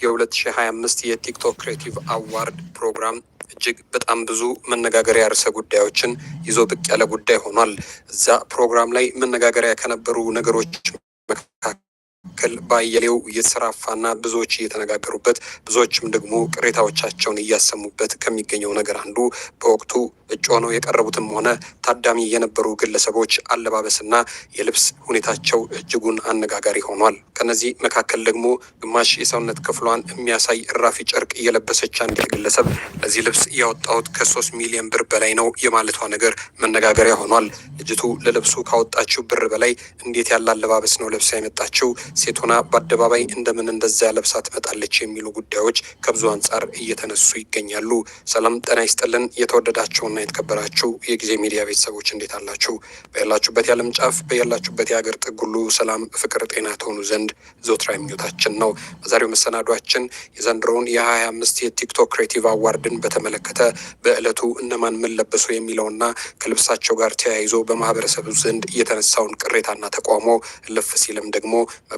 የ2025 የቲክቶክ ክሬቲቭ አዋርድ ፕሮግራም እጅግ በጣም ብዙ መነጋገሪያ ርዕሰ ጉዳዮችን ይዞ ብቅ ያለ ጉዳይ ሆኗል። እዛ ፕሮግራም ላይ መነጋገሪያ ከነበሩ ነገሮች ክል ባያሌው እየተሰራፋና ብዙዎች እየተነጋገሩበት ብዙዎችም ደግሞ ቅሬታዎቻቸውን እያሰሙበት ከሚገኘው ነገር አንዱ በወቅቱ እጩ ሆነው የቀረቡትም ሆነ ታዳሚ የነበሩ ግለሰቦች አለባበስና የልብስ ሁኔታቸው እጅጉን አነጋጋሪ ሆኗል። ከነዚህ መካከል ደግሞ ግማሽ የሰውነት ክፍሏን የሚያሳይ እራፊ ጨርቅ የለበሰች አንዲት ግለሰብ ለዚህ ልብስ ያወጣሁት ከሶስት ሚሊዮን ብር በላይ ነው የማለቷ ነገር መነጋገሪያ ሆኗል። ልጅቱ ለልብሱ ካወጣችው ብር በላይ እንዴት ያለ አለባበስ ነው ልብስ ያመጣችው? ሴት ሆና በአደባባይ እንደምን እንደዛ ለብሳ ትመጣለች የሚሉ ጉዳዮች ከብዙ አንጻር እየተነሱ ይገኛሉ። ሰላም ጤና ይስጥልን። የተወደዳችሁና የተከበራችሁ የጊዜ ሚዲያ ቤተሰቦች እንዴት አላችሁ? በያላችሁበት የዓለም ጫፍ በያላችሁበት የሀገር ጥግ ሁሉ ሰላም፣ ፍቅር፣ ጤና ተሆኑ ዘንድ ዘወትራዊ ምኞታችን ነው። በዛሬው መሰናዷችን የዘንድሮውን የ25 የቲክቶክ ክሬቲቭ አዋርድን በተመለከተ በዕለቱ እነማን ምን ለበሱ የሚለውና ከልብሳቸው ጋር ተያይዞ በማህበረሰቡ ዘንድ የተነሳውን ቅሬታና ተቃውሞ ልፍ ሲልም ደግሞ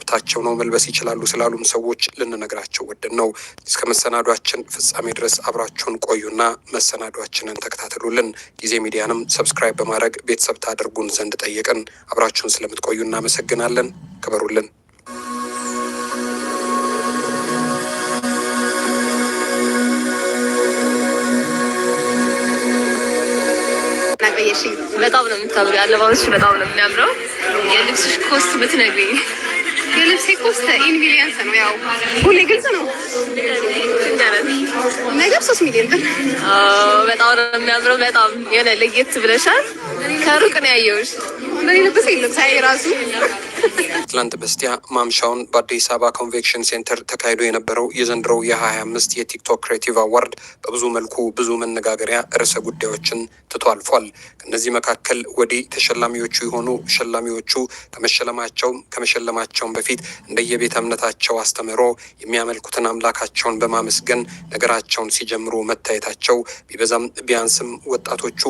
መብታቸው ነው መልበስ ይችላሉ ስላሉም ሰዎች ልንነግራቸው ወደን ነው። እስከ መሰናዷችን ፍጻሜ ድረስ አብራችሁን ቆዩና መሰናዷችንን ተከታተሉልን። ጊዜ ሚዲያንም ሰብስክራይብ በማድረግ ቤተሰብ ታደርጉን ዘንድ ጠየቅን። አብራችሁን ስለምትቆዩ እናመሰግናለን። ክበሩልን። በጣም ነው የምታምሩ። አለባበስሽ በጣም ነው የሚያምረው። የልብስሽ ኮስት ብትነግሪኝ የልብሴ ኮስት ኢንቪሊየንስ ነው። ያው ሁሌ ግልጽ ነው። ነገር ሶስት ሚሊዮን ብር በጣም ነው የሚያምረው። በጣም የሆነ ለየት ብለሻል። ከሩቅ ነው ያየሁሽ። ምን ልብስ የለም ሳይ ራሱ ትላንት በስቲያ ማምሻውን በአዲስ አበባ ኮንቬክሽን ሴንተር ተካሂዶ የነበረው የዘንድሮው የ25 የቲክቶክ ክሬቲቭ አዋርድ በብዙ መልኩ ብዙ መነጋገሪያ ርዕሰ ጉዳዮችን ትቶ አልፏል። ከእነዚህ መካከል ወዲህ ተሸላሚዎቹ የሆኑ ሸላሚዎቹ ከመሸለማቸውም ከመሸለማቸውም በፊት እንደየቤተ እምነታቸው አስተምሮ የሚያመልኩትን አምላካቸውን በማመስገን ነገራቸውን ሲጀምሩ መታየታቸው ቢበዛም ቢያንስም ወጣቶቹ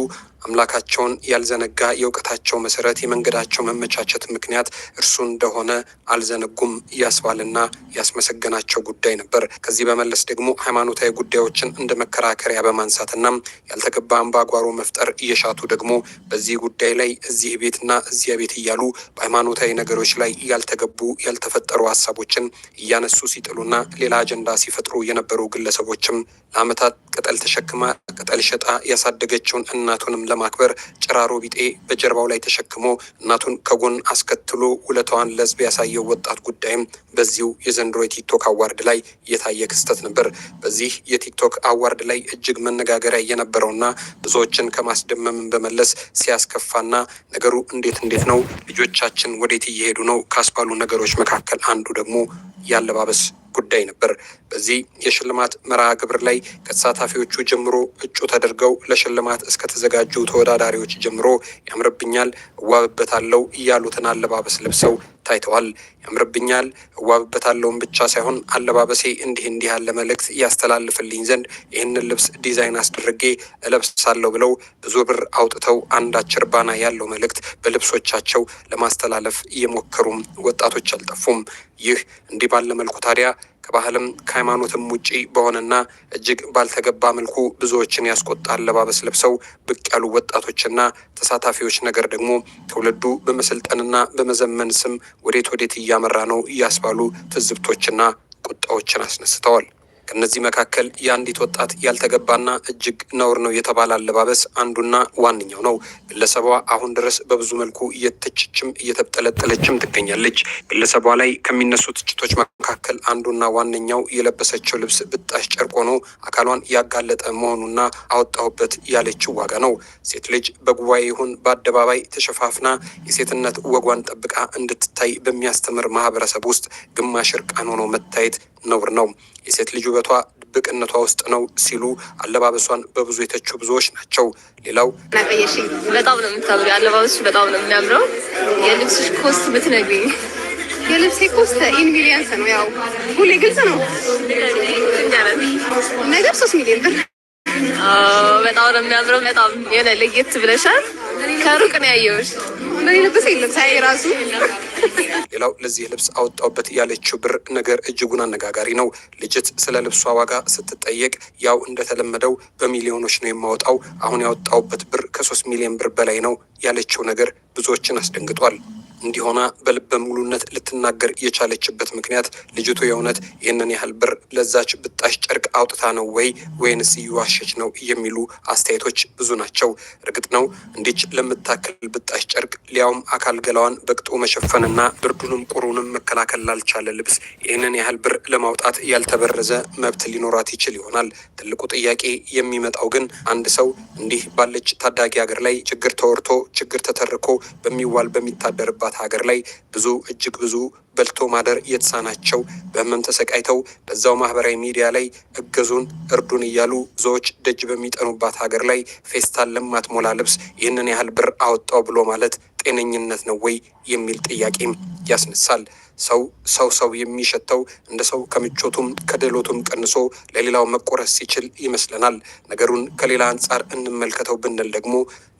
አምላካቸውን ያልዘነጋ የእውቀታቸው መሰረት የመንገዳቸው መመቻቸት ምክንያት እርሱ እንደሆነ አልዘነጉም ያስባልና ያስመሰገናቸው ጉዳይ ነበር። ከዚህ በመለስ ደግሞ ሃይማኖታዊ ጉዳዮችን እንደ መከራከሪያ በማንሳትና ያልተገባ አምባጓሮ መፍጠር እየሻቱ ደግሞ በዚህ ጉዳይ ላይ እዚህ ቤትና እዚያ ቤት እያሉ በሃይማኖታዊ ነገሮች ላይ ያልተገቡ ያልተፈጠሩ ሀሳቦችን እያነሱ ሲጥሉና ሌላ አጀንዳ ሲፈጥሩ የነበሩ ግለሰቦችም ለአመታት ቅጠል ተሸክማ ቅጠል ሸጣ ያሳደገችውን እናቱንም ለማክበር ጭራሮ ቢጤ በጀርባው ላይ ተሸክሞ እናቱን ከጎን አስከትሎ ውለታዋን ለህዝብ ያሳየው ወጣት ጉዳይም በዚሁ የዘንድሮ የቲክቶክ አዋርድ ላይ የታየ ክስተት ነበር። በዚህ የቲክቶክ አዋርድ ላይ እጅግ መነጋገሪያ የነበረውና ብዙዎችን ከማስደመምን በመለስ ሲያስከፋና ነገሩ እንዴት እንዴት ነው ልጆቻችን ወዴት እየሄዱ ነው ካስባሉ ነገሮች መካከል አንዱ ደግሞ ያለባበስ ጉዳይ ነበር። በዚህ የሽልማት መርሃ ግብር ላይ ከተሳታፊዎቹ ጀምሮ እጩ ተደርገው ለሽልማት እስከተዘጋጁ ተወዳዳሪዎች ጀምሮ ያምርብኛል፣ እዋብበታለው እያሉትን አለባበስ ለብሰው ታይተዋል። ያምርብኛል እዋብበታለውን ብቻ ሳይሆን አለባበሴ እንዲህ እንዲህ ያለ መልእክት ያስተላልፍልኝ ዘንድ ይህንን ልብስ ዲዛይን አስደርጌ እለብሳለሁ ብለው ብዙ ብር አውጥተው አንዳች እርባና ያለው መልእክት በልብሶቻቸው ለማስተላለፍ እየሞከሩም ወጣቶች አልጠፉም። ይህ እንዲህ ባለ መልኩ ታዲያ ከባህልም ከሃይማኖትም ውጪ በሆነና እጅግ ባልተገባ መልኩ ብዙዎችን ያስቆጣ አለባበስ ለብሰው ብቅ ያሉ ወጣቶችና ተሳታፊዎች ነገር ደግሞ ትውልዱ በመሰልጠንና በመዘመን ስም ወዴት ወዴት እያመራ ነው እያስባሉ ትዝብቶችና ቁጣዎችን አስነስተዋል። ከነዚህ መካከል የአንዲት ወጣት ያልተገባና እጅግ ነውር ነው የተባለ አለባበስ አንዱና ዋነኛው ነው። ግለሰቧ አሁን ድረስ በብዙ መልኩ እየተችችም እየተጠለጠለችም ትገኛለች። ግለሰቧ ላይ ከሚነሱ ትችቶች መካከል አንዱና ዋነኛው የለበሰችው ልብስ ብጣሽ ጨርቅ ሆኖ አካሏን ያጋለጠ መሆኑና አወጣሁበት ያለችው ዋጋ ነው። ሴት ልጅ በጉባኤ ይሁን በአደባባይ ተሸፋፍና የሴትነት ወጓን ጠብቃ እንድትታይ በሚያስተምር ማህበረሰብ ውስጥ ግማሽ እርቃን ሆኖ መታየት ነውር ነው። የሴት ልጁ ውበቷ ድብቅነቷ ውስጥ ነው ሲሉ አለባበሷን በብዙ የተቹ ብዙዎች ናቸው። ሌላው ናቀየሽ በጣም ነው የምታምሪ፣ አለባበስሽ በጣም ነው የሚያምረው። የልብስሽ ኮስት ብትነግሪኝ። የልብሴ ኮስት ኢንግሪዲየንስ ነው ያው ሁሌ ግልጽ ነው ነገር ሶስት ሚሊዮን ብር በጣም ነው የሚያምረው። በጣም የሆነ ለየት ብለሻል። ከሩቅ ነው ያየሁሽ። ምን ልብስ የለም ሳይ ራሱ ሌላው ለዚህ ልብስ አወጣውበት ያለችው ብር ነገር እጅጉን አነጋጋሪ ነው። ልጅት ስለ ልብሷ ዋጋ ስትጠየቅ ያው እንደተለመደው በሚሊዮኖች ነው የማወጣው፣ አሁን ያወጣውበት ብር ከሶስት ሚሊዮን ብር በላይ ነው ያለችው ነገር ብዙዎችን አስደንግጧል። እንዲሆና በልበ ሙሉነት ልትናገር የቻለችበት ምክንያት ልጅቱ የእውነት ይህንን ያህል ብር ለዛች ብጣሽ ጨርቅ አውጥታ ነው ወይ ወይንስ እየዋሸች ነው የሚሉ አስተያየቶች ብዙ ናቸው። እርግጥ ነው እንዲች ለምታክል ብጣሽ ጨርቅ ሊያውም አካል ገላዋን በቅጡ መሸፈንና ብርዱንም ቁሩንም መከላከል ላልቻለ ልብስ ይህንን ያህል ብር ለማውጣት ያልተበረዘ መብት ሊኖራት ይችል ይሆናል። ትልቁ ጥያቄ የሚመጣው ግን አንድ ሰው እንዲህ ባለች ታዳጊ ሀገር ላይ ችግር ተወርቶ ችግር ተተርኮ በሚዋል በሚታደርባት በሌለባት ሀገር ላይ ብዙ እጅግ ብዙ በልቶ ማደር የተሳናቸው በህመም ተሰቃይተው በዛው ማህበራዊ ሚዲያ ላይ እገዙን እርዱን እያሉ ብዙዎች ደጅ በሚጠኑባት ሀገር ላይ ፌስታል ለማትሞላ ልብስ ይህንን ያህል ብር አወጣው ብሎ ማለት ጤነኝነት ነው ወይ የሚል ጥያቄም ያስነሳል። ሰው ሰው ሰው የሚሸተው እንደ ሰው ከምቾቱም ከድሎቱም ቀንሶ ለሌላው መቆረስ ሲችል ይመስለናል። ነገሩን ከሌላ አንጻር እንመልከተው ብንል ደግሞ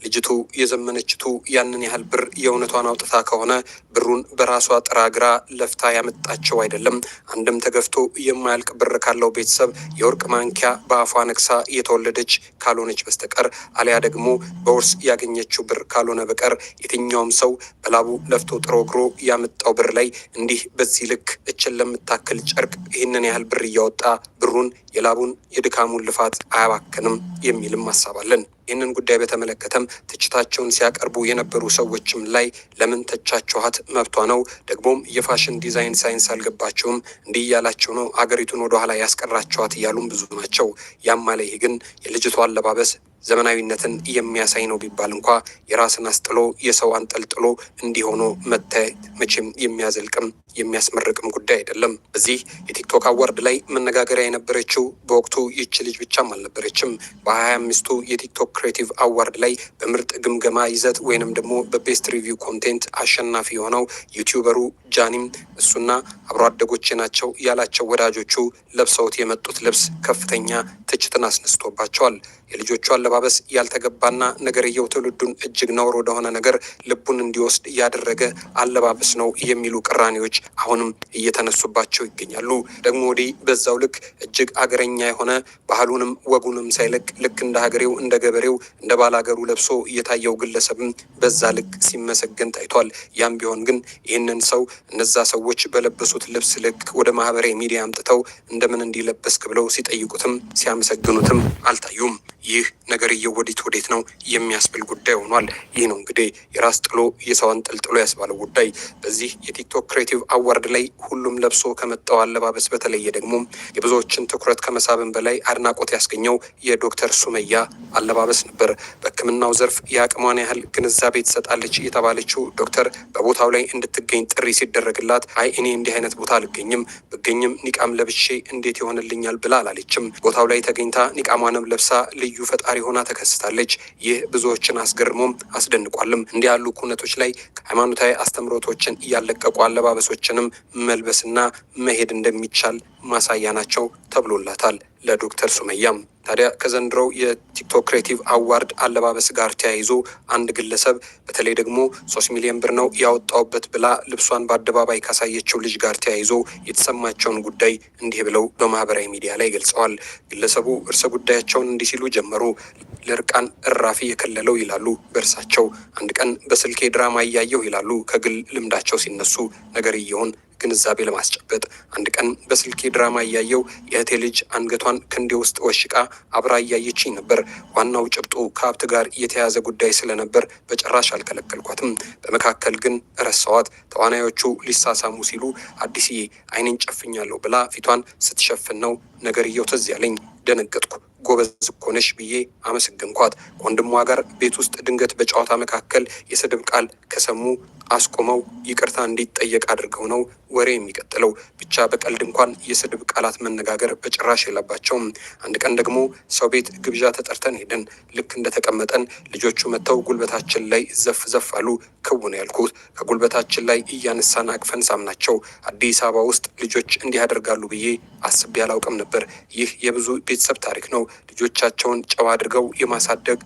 ልጅቱ የዘመነችቱ ያንን ያህል ብር የእውነቷን አውጥታ ከሆነ ብሩን በራሷ ጥራ ግራ ለፍታ ያመጣቸው አይደለም። አንድም ተገፍቶ የማያልቅ ብር ካለው ቤተሰብ የወርቅ ማንኪያ በአፏ ነክሳ የተወለደች ካልሆነች በስተቀር አሊያ ደግሞ በውርስ ያገኘችው ብር ካልሆነ በቀር የትኛውም ሰው በላቡ ለፍቶ ጥሮ ግሮ ያመጣው ብር ላይ እንዲህ በዚህ ልክ እችን ለምታክል ጨርቅ ይህንን ያህል ብር እያወጣ ብሩን የላቡን የድካሙን ልፋት አያባክንም የሚልም አሳባለን። ይህንን ጉዳይ በተመለከተም ትችታቸውን ሲያቀርቡ የነበሩ ሰዎችም ላይ ለምን ተቻችኋት? መብቷ ነው። ደግሞም የፋሽን ዲዛይን ሳይንስ አልገባቸውም እንዲህ እያላቸው ነው አገሪቱን ወደኋላ ያስቀራቸዋት እያሉም ብዙ ናቸው። ያም ይህ ግን የልጅቷ አለባበስ ዘመናዊነትን የሚያሳይ ነው ቢባል እንኳ የራስን አስጥሎ የሰው አንጠልጥሎ እንዲሆኖ መታየት መቼም የሚያዘልቅም የሚያስመርቅም ጉዳይ አይደለም። በዚህ የቲክቶክ አዋርድ ላይ መነጋገሪያ የነበረችው በወቅቱ ይች ልጅ ብቻም አልነበረችም። በሀያ አምስቱ የቲክቶክ ክሬቲቭ አዋርድ ላይ በምርጥ ግምገማ ይዘት ወይንም ደግሞ በቤስት ሪቪው ኮንቴንት አሸናፊ የሆነው ዩቲዩበሩ ጃኒም እሱና አብሮ አደጎቼ ናቸው ያላቸው ወዳጆቹ ለብሰውት የመጡት ልብስ ከፍተኛ ትችትን አስነስቶባቸዋል። የልጆቹ አለባ አለባበስ ያልተገባና ነገርየው ትውልዱን እጅግ ነውር ወደሆነ ነገር ልቡን እንዲወስድ ያደረገ አለባበስ ነው የሚሉ ቅራኔዎች አሁንም እየተነሱባቸው ይገኛሉ። ደግሞ ወዲህ በዛው ልክ እጅግ አገረኛ የሆነ ባህሉንም ወጉንም ሳይለቅ ልክ እንደ ሀገሬው እንደ ገበሬው እንደ ባላገሩ ለብሶ የታየው ግለሰብም በዛ ልክ ሲመሰገን ታይቷል። ያም ቢሆን ግን ይህንን ሰው እነዛ ሰዎች በለበሱት ልብስ ልክ ወደ ማህበራዊ ሚዲያ አምጥተው እንደምን እንዲለበስክ ብለው ሲጠይቁትም ሲያመሰግኑትም አልታዩም። ይህ ነገር ነገርየው ወዴት ወዴት ነው የሚያስብል ጉዳይ ሆኗል። ይህ ነው እንግዲህ የራስ ጥሎ የሰው አንጠልጥሎ ያስባለው ጉዳይ። በዚህ የቲክቶክ ክሬቲቭ አዋርድ ላይ ሁሉም ለብሶ ከመጣው አለባበስ በተለየ ደግሞ የብዙዎችን ትኩረት ከመሳብን በላይ አድናቆት ያስገኘው የዶክተር ሱመያ አለባበስ ነበር። በሕክምናው ዘርፍ የአቅሟን ያህል ግንዛቤ ትሰጣለች የተባለችው ዶክተር በቦታው ላይ እንድትገኝ ጥሪ ሲደረግላት አይ እኔ እንዲህ አይነት ቦታ አልገኝም፣ ብገኝም ኒቃም ለብሼ እንዴት ይሆንልኛል ብላ አላለችም። ቦታው ላይ ተገኝታ ኒቃሟንም ለብሳ ልዩ ፈጣሪ ሆነ ሆና ተከስታለች። ይህ ብዙዎችን አስገርሞም አስደንቋልም። እንዲህ ያሉ ኩነቶች ላይ ሃይማኖታዊ አስተምሮቶችን እያለቀቁ አለባበሶችንም መልበስና መሄድ እንደሚቻል ማሳያ ናቸው ተብሎላታል ለዶክተር ሱመያም። ታዲያ ከዘንድሮው የቲክቶክ ክሬቲቭ አዋርድ አለባበስ ጋር ተያይዞ አንድ ግለሰብ በተለይ ደግሞ ሶስት ሚሊዮን ብር ነው ያወጣውበት ብላ ልብሷን በአደባባይ ካሳየችው ልጅ ጋር ተያይዞ የተሰማቸውን ጉዳይ እንዲህ ብለው በማህበራዊ ሚዲያ ላይ ገልጸዋል። ግለሰቡ እርሰ ጉዳያቸውን እንዲህ ሲሉ ጀመሩ። ለእርቃን እራፊ የከለለው ይላሉ በእርሳቸው። አንድ ቀን በስልኬ ድራማ እያየሁ ይላሉ ከግል ልምዳቸው ሲነሱ ነገር እየሆን ግንዛቤ ለማስጨበጥ አንድ ቀን በስልኬ ድራማ እያየው የእህቴ ልጅ አንገቷን ክንዴ ውስጥ ወሽቃ አብራ እያየችኝ ነበር። ዋናው ጭብጡ ከሀብት ጋር የተያዘ ጉዳይ ስለነበር በጭራሽ አልከለከልኳትም። በመካከል ግን እረሳዋት ተዋናዮቹ ሊሳሳሙ ሲሉ አዲስዬ አይኔን ጨፍኛለሁ ብላ ፊቷን ስትሸፍን ነው ነገርየው ትዝ ያለኝ። ደነገጥኩ። ጎበዝ እኮ ነሽ ብዬ አመሰገንኳት። ከወንድሟ ጋር ቤት ውስጥ ድንገት በጨዋታ መካከል የስድብ ቃል ከሰሙ አስቆመው ይቅርታ እንዲጠየቅ አድርገው ነው ወሬ የሚቀጥለው። ብቻ በቀልድ እንኳን የስድብ ቃላት መነጋገር በጭራሽ የለባቸውም። አንድ ቀን ደግሞ ሰው ቤት ግብዣ ተጠርተን ሄደን ልክ እንደተቀመጠን ልጆቹ መጥተው ጉልበታችን ላይ ዘፍ ዘፍ አሉ። ክውን ያልኩት ከጉልበታችን ላይ እያነሳን አቅፈን ሳምናቸው። አዲስ አበባ ውስጥ ልጆች እንዲህ ያደርጋሉ ብዬ አስቤ አላውቅም ነበር። ይህ የብዙ ቤተሰብ ታሪክ ነው። ልጆቻቸውን ጨዋ አድርገው የማሳደግ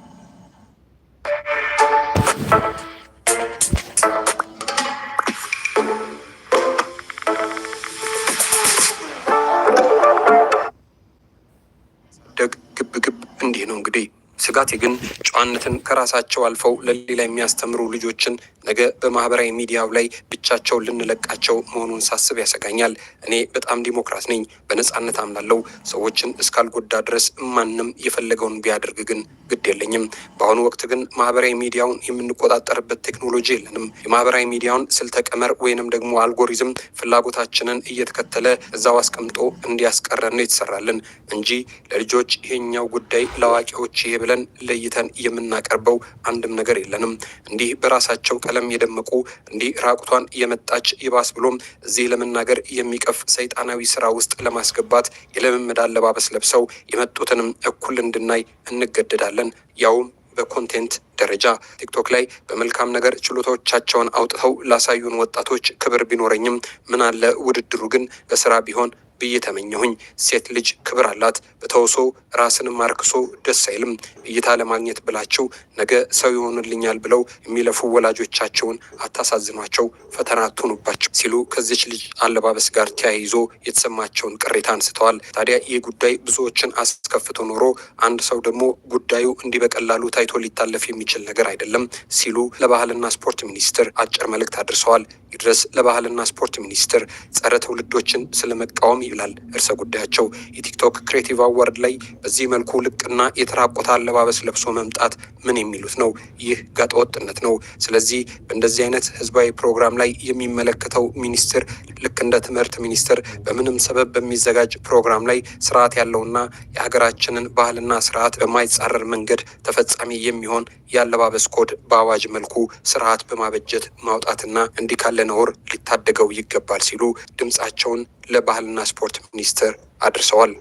ግብ ግብ እንዲህ ነው እንግዲህ። ስጋቴ ግን ጨዋነትን ከራሳቸው አልፈው ለሌላ የሚያስተምሩ ልጆችን ነገ በማህበራዊ ሚዲያው ላይ ብቻቸው ልንለቃቸው መሆኑን ሳስብ ያሰጋኛል። እኔ በጣም ዲሞክራት ነኝ፣ በነጻነት አምናለው። ሰዎችን እስካልጎዳ ድረስ ማንም የፈለገውን ቢያደርግ ግን ግድ የለኝም። በአሁኑ ወቅት ግን ማህበራዊ ሚዲያውን የምንቆጣጠርበት ቴክኖሎጂ የለንም። የማህበራዊ ሚዲያውን ስልተ ቀመር ወይንም ደግሞ አልጎሪዝም ፍላጎታችንን እየተከተለ እዛው አስቀምጦ እንዲያስቀረን ነው የተሰራልን እንጂ ለልጆች ይሄኛው ጉዳይ ለአዋቂዎች ይሄ ብለን ለይተን የምናቀርበው አንድም ነገር የለንም። እንዲህ በራሳቸው ቀለ ቀለም የደመቁ እንዲህ ራቁቷን የመጣች ይባስ ብሎም እዚህ ለመናገር የሚቀፍ ሰይጣናዊ ስራ ውስጥ ለማስገባት የልምምድ አለባበስ ለብሰው የመጡትንም እኩል እንድናይ እንገደዳለን ያውም በኮንቴንት ደረጃ ቲክቶክ ላይ በመልካም ነገር ችሎታዎቻቸውን አውጥተው ላሳዩን ወጣቶች ክብር ቢኖረኝም ምን አለ ውድድሩ ግን በስራ ቢሆን ብዬ ተመኘሁኝ። ሴት ልጅ ክብር አላት። በተውሶ ራስንም አርክሶ ደስ አይልም። እይታ ለማግኘት ብላቸው ነገ ሰው ይሆንልኛል ብለው የሚለፉ ወላጆቻቸውን አታሳዝኗቸው፣ ፈተና አትሆኑባቸው ሲሉ ከዚች ልጅ አለባበስ ጋር ተያይዞ የተሰማቸውን ቅሬታ አንስተዋል። ታዲያ ይህ ጉዳይ ብዙዎችን አስከፍቶ ኖሮ አንድ ሰው ደግሞ ጉዳዩ እንዲህ በቀላሉ ታይቶ ሊታለፍ የሚችል ነገር አይደለም ሲሉ ለባህልና ስፖርት ሚኒስትር አጭር መልእክት አድርሰዋል። ይድረስ ለባህልና ስፖርት ሚኒስትር ጸረ ትውልዶችን ስለመቃወም ይላል እርሰ ጉዳያቸው። የቲክቶክ ክሬቲቭ አዋርድ ላይ በዚህ መልኩ ልቅና የተራቆተ አለባበስ ለብሶ መምጣት ምን የሚሉት ነው? ይህ ጋጠወጥነት ነው። ስለዚህ በእንደዚህ አይነት ህዝባዊ ፕሮግራም ላይ የሚመለከተው ሚኒስትር ልክ እንደ ትምህርት ሚኒስትር በምንም ሰበብ በሚዘጋጅ ፕሮግራም ላይ ስርዓት ያለውና የሀገራችንን ባህልና ስርዓት በማይጻረር መንገድ ተፈጻሚ የሚሆን የአለባበስ ኮድ በአዋጅ መልኩ ስርዓት በማበጀት ማውጣትና እንዲህ ካለ ነውር ሊታደገው ይገባል ሲሉ ድምጻቸውን ለባህልና ትራንስፖርት ሚኒስትር አድርሰዋል።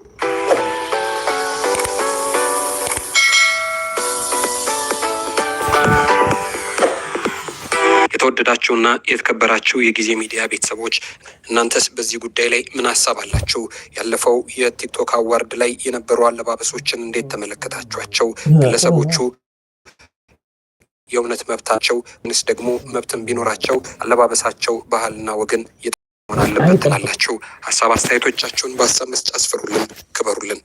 የተወደዳችሁና የተከበራችሁ የጊዜ ሚዲያ ቤተሰቦች እናንተስ በዚህ ጉዳይ ላይ ምን ሀሳብ አላችሁ? ያለፈው የቲክቶክ አዋርድ ላይ የነበሩ አለባበሶችን እንዴት ተመለከታችኋቸው? ግለሰቦቹ የእውነት መብታቸው ንስ ደግሞ መብትን ቢኖራቸው አለባበሳቸው ባህልና ወግን መሆን አለበት ትላላችሁ? ሀሳብ አስተያየቶቻችሁን በሀሳብ መስጫ አስፍሩልን፣ ክበሩልን።